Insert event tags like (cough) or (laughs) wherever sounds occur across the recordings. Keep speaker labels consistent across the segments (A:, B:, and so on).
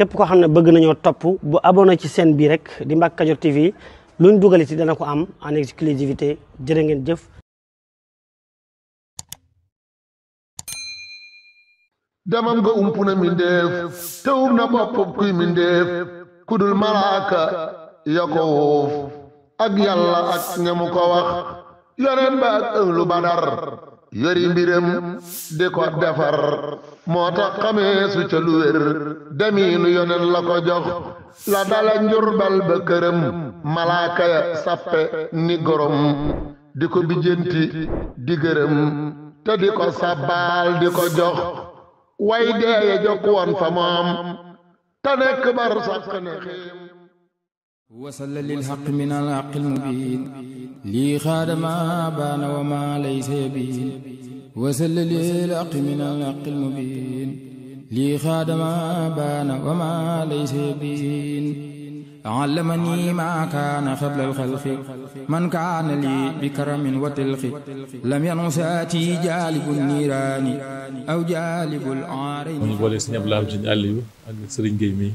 A: képp koo xam ne bëgg nañoo topp bu abonné ci seen bii rek di Mbacke Kadior TV luñ dugal ci dana ko am en exclusivité jërë ngeen jëf damam nga umpuna mindeef te um na
B: bopp kuy mindeef kudul malaaka ya ko wuuf ak yàlla ak ñamu ko wax yoneen ba ak ënglu badar yori mbiram di ko defar moo tax xamee su ca lu wér demiinu yonen la ko jox la dala njurbal ba këram malaaka ya sappe ni gorom di ko bijjanti di gërëm te di ko sabbaal di ko jox way deeye jokk woon fa moom
A: te nekk bar sàkk ne xiim وصل للحق من الحق المبين لي خادما بان وما ليس يبين وسل لي الحق من الحق المبين لي خادم بان وما ليس يبين علمني ما كان قبل الخلق من كان لي بكرم وتلق لم ينساتي جالب النيران أو جالب العارين. ñu
C: boole sëñ Abdoulaye Abdou Aliou ak Serigne Gueye mi.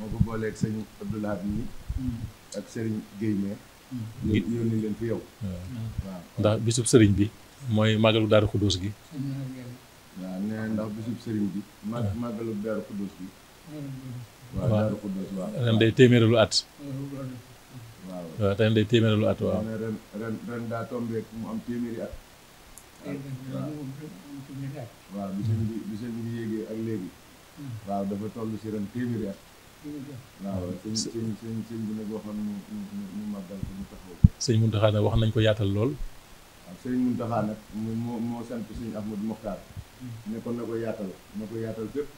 D: moo ko booleeg sëñ Abdoulaye mi ak Serigne Gueye mi. yónni leen fi yow. waaw
C: ndax bisub Serigne bi. mooy màggalu daaru xudóos gi
D: waaw nee ndax bisub sëriñ bi màgg ah. màggalu daaru xudóos gi waaw daaru xudóos ren daa tombé mu am téeméeri at waaw bi sëñ bi bi sëñ bi yéegee ak léegi hmm. waaw dafa toll si ren téeméeri at
C: waaw sëñ
D: sëñ sëñ bi
C: wax nañ ko yaatal lool
D: waaw Serigne Mountakha nag moo moo sant Serigne Ahmadou Mokhtar ne kon na ko yaatal na ko yaatal fépp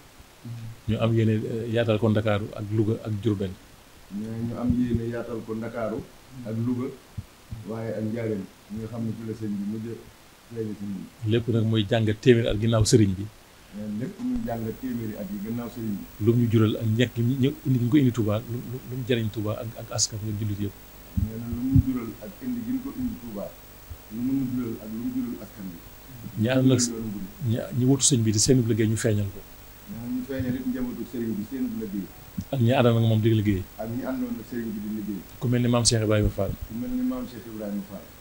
C: ñu am yéene eh, yaatal ko Ndakaaru ak Louga ak Diourbel
D: ñu am yéene yaatal ko Ndakaaru ak Louga waaye ak Njaaréem ñi nga xam ne fi la sëñ bi mujj feeñe
C: si lépp nag mooy jàng téeméer at ginnaaw sëriñ bi
D: lépp muy jàng téeméeri at yi gannaaw sëriñ bi
C: lu mu ñu jural ak ñekk ñu indi gi ñu ko indi Touba lu mu jariñ Touba ak ak askan nga jullit yëpp
D: nee lu mu jural ak indi gi ñu ko indi Touba lu mu jural ak lu mu jural askan bi
C: ñi ànd ak ñi wutu sëñ bi di seen liggéey ñu feeñal ko
D: ñu feeñal it njabootu sëriñ seen liggéey
C: ak ñi àndoon ak moom di liggéey
D: ak ñi àndoon ak sëriñ bi di liggéey
C: ku mel ni maam Cheikh Ibrahima Fall
D: ku mel ni maam Cheikh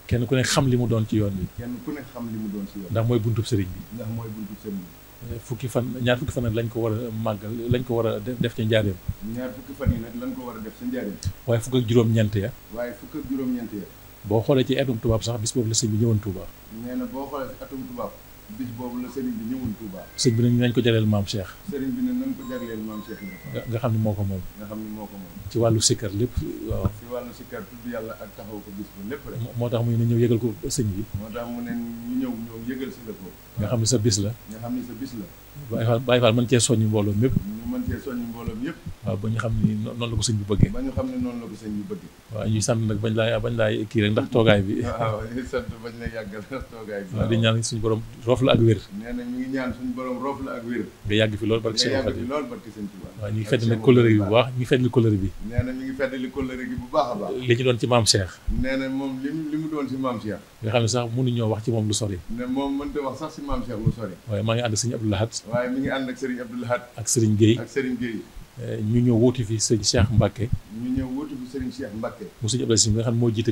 C: kenn ku ne xam li mu doon ci yoon bi
D: kenn ku nekk xam li mu doon ci yoon ndax mooy buntub sëriñ bi mooy buntub sëriñ bi
C: eh, fukki fan ñaar fukki fan nag lañ ko war a màggal lañ ko war a def ca njaareem
D: ñaar fukki fan yi nag lañ ko war a def ca njaareem
C: waaye fukk ak juróom
D: waaye fukk ak
C: boo xoolee ci atum tubaab sax bis boobu la sëñ bi ñëwoon Touba.
D: nee na boo xoolee ci tubaab bis boobu la sëriñ bi ñëwoon Touba.
C: sëñ bi nañ ko jagleel maam Cheikh.
D: sëriñ bi nañ ko jagleel maam Cheikh Ibrahima. nga xam ne moo ko moom. nga xam ne moo ko moom.
C: ci wàllu sikkar lépp waaw. ci
D: wàllu sikkar tudd yàlla ak taxaw ko bis bu lépp rek. moo
C: tax mu ne ñëw yëgal ko sëñ bi. moo
D: tax mu ne ñu ñëw ñëw yëgal si la ko.
C: nga xam ne sa la.
D: nga xam ne sa bis la. Baye Fall
C: Baye Fall mën cee soññu mbooloo mépp
D: mën cee soññu mbooloo
C: yëpp waaw ba ñu xam ni noonu la ko sëñ bi bëggee ba ñu xam ne noonu la ko sëñ bi bëggee waaw ñuy sant nag bañ laay bañ laay kii rek ndax toogaay bi (laughs) waaw
D: ñuy sant bañ la yàggal ndax toogaay bi waaw di
C: ñaan suñu borom roof la ak wér
D: nee na ñu ngi ñaan suñu borom roof la ak wér nga yàgg fi lool barke sëñ Tuubaa lool barke sëñ Tuubaa waaw ñu ngi feddali kóllëre bi
C: bu baax ñu ngi feddali kóllëre bi
D: nee na ñu ngi feddali kóllëre gi bu baax a baax li ñu
C: doon ci maam Cheikh
D: nee na moom li li mu doon ci maam Cheikh
C: nga xam ne sax mënuñoo wax ci moom lu sori
D: ne moom mënta wax sax ci maam Cheikh lu sori
C: waaye maa ngi ànd sëñ Abdou Lahad waaye mi ngi
D: ànd ak Serigne Abdoul Ahad ak Serigne Gueye ak Serigne Gueye
C: eh, ñu ñëw wóoti fi sëñ Cheikh Mbacke
D: ñu ñëw wóoti fi Serigne Cheikh Mbacke
C: mu sëñ Abdoul Aziz xam ne moo jiite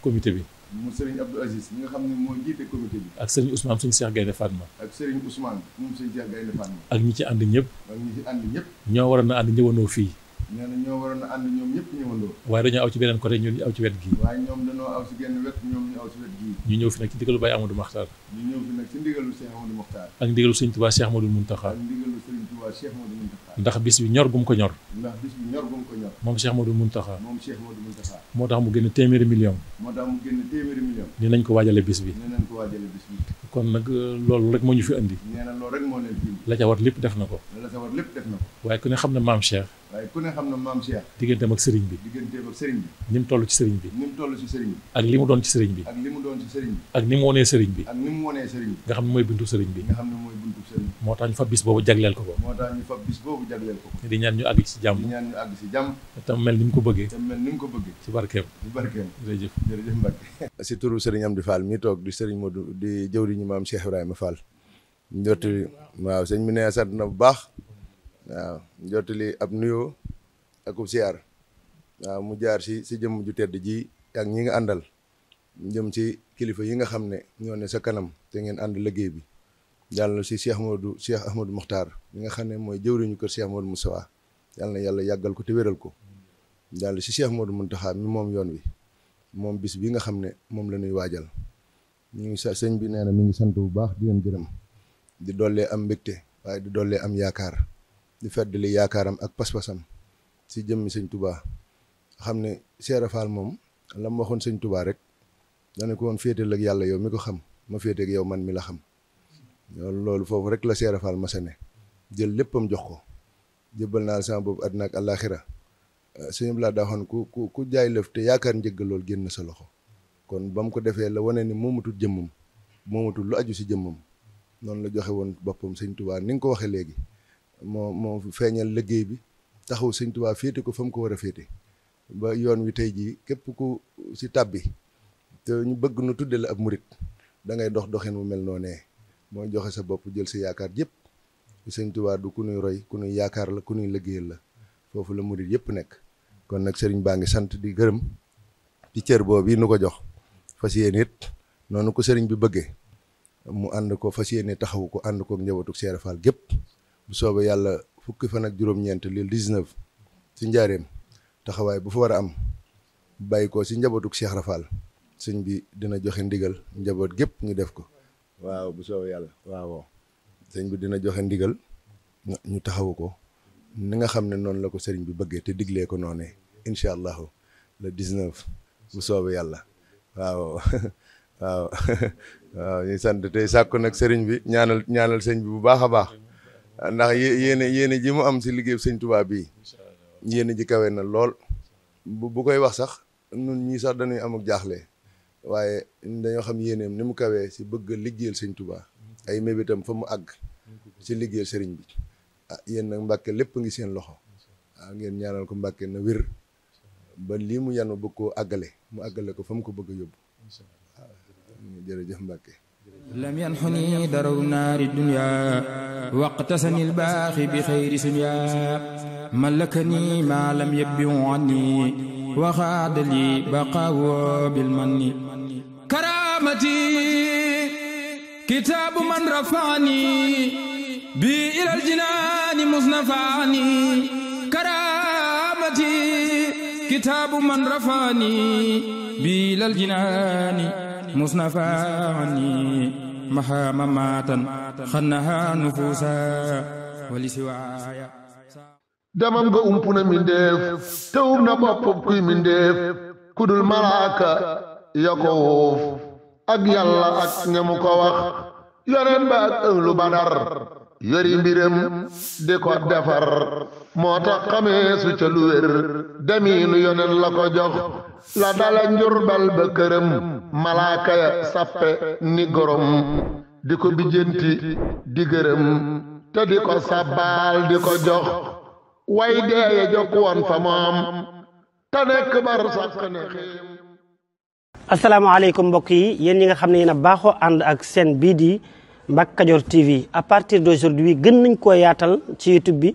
C: comité bi
D: mu Serigne Abdoul Aziz nga xam ne moo jiite comité bi
C: ak Serigne Ousmane sëñ Cheikh Gaynde Fatma
D: ak Serigne Ousmane moom sëñ Cheikh Gaynde Fatma
C: ak ñi ci ànd ñëpp ak ñi ci ànd ñëpp ñoo waroon na ànd ñëwanoo fii
D: nee na ñoo waroon a ànd ñoom ñëpp ñëwandoo
C: waaye dañoo aw ci beneen côté ñun ñu aw ci wet gii waaye
D: ñoom dañoo aw ci genn wet ñoom ñu aw ci wet gii
C: ñu ñëw fi nag ci ndigalu Baye Amadou Makhtar
D: ñu ñëw fi nag ci ndigalu Cheikh Amadou Makhtar
C: ak ndigalu Serigne Touba Cheikh Amadou Mountakha ak
D: ndigalu Serigne Touba Cheikh Amadou Mountakha ndax
C: bis bi ñor gum ko ñor
D: ndax bis bi ñor gum ko ñor moom
C: Cheikh Amadou Mountakha
D: moom Cheikh Amadou Mountakha
C: moo tax mu génn téeméeri million
D: moo tax mu génn téeméeri million
C: ni nañ ko waajale bis bi ni
D: nañ ko waajale bis bi
C: kon nag euh, loolu rek moo ñu fi andi.
D: nee na moo leen indi.
C: la ca war lépp def na ko.
D: la lépp def na ko.
C: waaye ku ne xam na maam Cheikh.
D: ne xam na maam Cheikh.
C: digganteem ak sëriñ bi.
D: digganteem ak bi.
C: ni mu toll ci sëriñ bi. ni
D: toll ci sëriñ bi. ak
C: li mu doon ci sëriñ bi. ak li
D: mu doon ci sëriñ bi.
C: ak ni mu wonee sëriñ bi. ak ni
D: mu wonee sëriñ bi.
C: nga xam ne mooy bindu sëriñ bi. moo tax ñu fa bis boobu jagleel ko
D: ko. moo tax ñu fa bis boobu jagleel ko ko. di ñaan
C: ñu àgg si jàmm di
D: ñaan ñu àgg ci jàmm.
C: te mel ni mu ko bëggee. te
D: mel ni ko bëggee. ci barkeem. ci barkeem jërëjëf jërëjëf Mbacke. (laughs) si turu Serigne toog di Serigne Modou di jëwriñu maam Cheikh Ibrahima Fall. jottali waaw sëñ bi nee sant na bu baax. waaw jottali ab nuyoo ak ub waaw mu jaar si si jëmm ju tedd ji ak ñi nga àndal. jëm ci kilifa yi nga xam ne ñoo ne sa kanam te ngeen ànd liggéey bi jàll si Cheikh Amadou Cheikh Ahmadou Mokhtar mi nga xam ne mooy jëwriñu kër Cheikh Amadou Moustapha yàlla na yàlla yàggal ko te wéral ko jàll si Cheikh Amadou Mountakha mi moom yoon wi moom bis bi nga xam ne moom la ñuy waajal ñu ngi sa sëñ bi nee na mi ngi sant bu baax di leen di dollee am mbégte waaye di dollee am yaakaar di feddali yaakaaram ak pas-pasam si jëmmi sëñ tubaa xam ne Seera moom la mu waxoon sëñ tubaa rek dana ko woon féetal ak yàlla yow mi ko xam ma féete ak man mi la xam loolu foofu rek la Seera Faal masa ne jël léppam jox ko jëbbal naa sama boobu àddina ak àllaaxira euh, suñu laa daaxoon ku ku ku jaay lëf te yaakaar njëggal loolu génn sa loxo kon ba mu ko defee la wane ni moomatul jëmmam moomatul lu aju si jëmmam noonu la joxe woon boppam sëñ Tuubaa ni nga ko waxee léegi moo moo feeñal liggéey bi taxaw sëñ Tuubaa féete ko fa mu ko war a féete ba yoon wi tey jii képp ku si tàbbi te ñu bëgg nu tuddee la ab murit da ngay dox doxin wu mel noonee mooy joxe sa bopp jël si yaakaar yëpp sëñ Tuubaa du ku nuy roy ku nuy yaakaar la ku nuy liggéeyal la foofu la murit yëpp nekk kon nag sëriñ baa ngi sant di gërëm ci cër boobu yi nu ko jox fas yéene it noonu ko sëriñ bi bëggee mu ànd ko fas yéene taxawu ko ànd kook njabootu Seere Faal gépp soobee yàlla fukki fan ak juróom-ñeent lil 19 ci njaareem taxawaay bu fa war a am bàyyi ko si njabootu Seex Rafaal sëñ bi dina joxe ndigal njaboot gépp ñu def ko waaw bu soobee yàlla waaw sëñ bi dina joxe ndigal ñu taxawu ko ni nga xam ne noonu la ko sëriñ bi bëggee te diglee ko noonee incha allahu le 19 bu soow yàlla waaw waaw (laughs) waaw (laughs) sant tey sàkku nag sëriñ bi ñaanal ñaanal sëñ bi bu baax a baax ndax yéene yéene ji mu am si liggéey sëñ Tuubaa bii yéene ji kawe na lool bu bu koy wax sax nun ñii sax dañuy am jaaxle waaye dañoo xam yéeneem ni mu kawee si bëgg a liggéeyal sëñ tubaa ay mébétam fa mu àgg si liggéeyal sëriñ bi ah yéen nag mbàkke lépp ngi seen loxo ah ngeen ñaanal ko mbàkke na wér ba lii mu yanu bëgg koo àggale mu àggale ko fa mu ko bëgg a yóbbu waaw ah, jërëjëf mbàkke
A: lam yanxuni daraw naari dunya waqtasani albaaxi bi xayri sunya malakani maa lam yabbi anni waxaadali baqaawo bil manni karaamati kitaabu man rafaani bi ilal jinaani musnafaani karaamati kitaabu man rafaani بلا الجنان مصنفا عني محا مماتا خنها نفوسا ولسوايا damam
B: nga umpu na mindeef te um na kuy mindeef ku malaaka ya ko wóof ak yàlla ko wax yoneen ba ak ënglu badar yori mbiram di ko defar moo tax xamee su ca lu wér demiinu yonen la ko jox la dala njurbal ba këram malaaka ya sappe ni gorom di ko bijjanti di gërëm te di ko sabbaal di ko jox way deeye jokk woon fa moom te nekk bar sàkk ne xiim
A: asalaamaaleykum mbokk yi yéen yi nga xam ne yéen a baaxoo ànd ak seen bii di Mbacke Kadior TV à partir de d'aujourd'hui gën nañ koo yaatal ci YouTube bi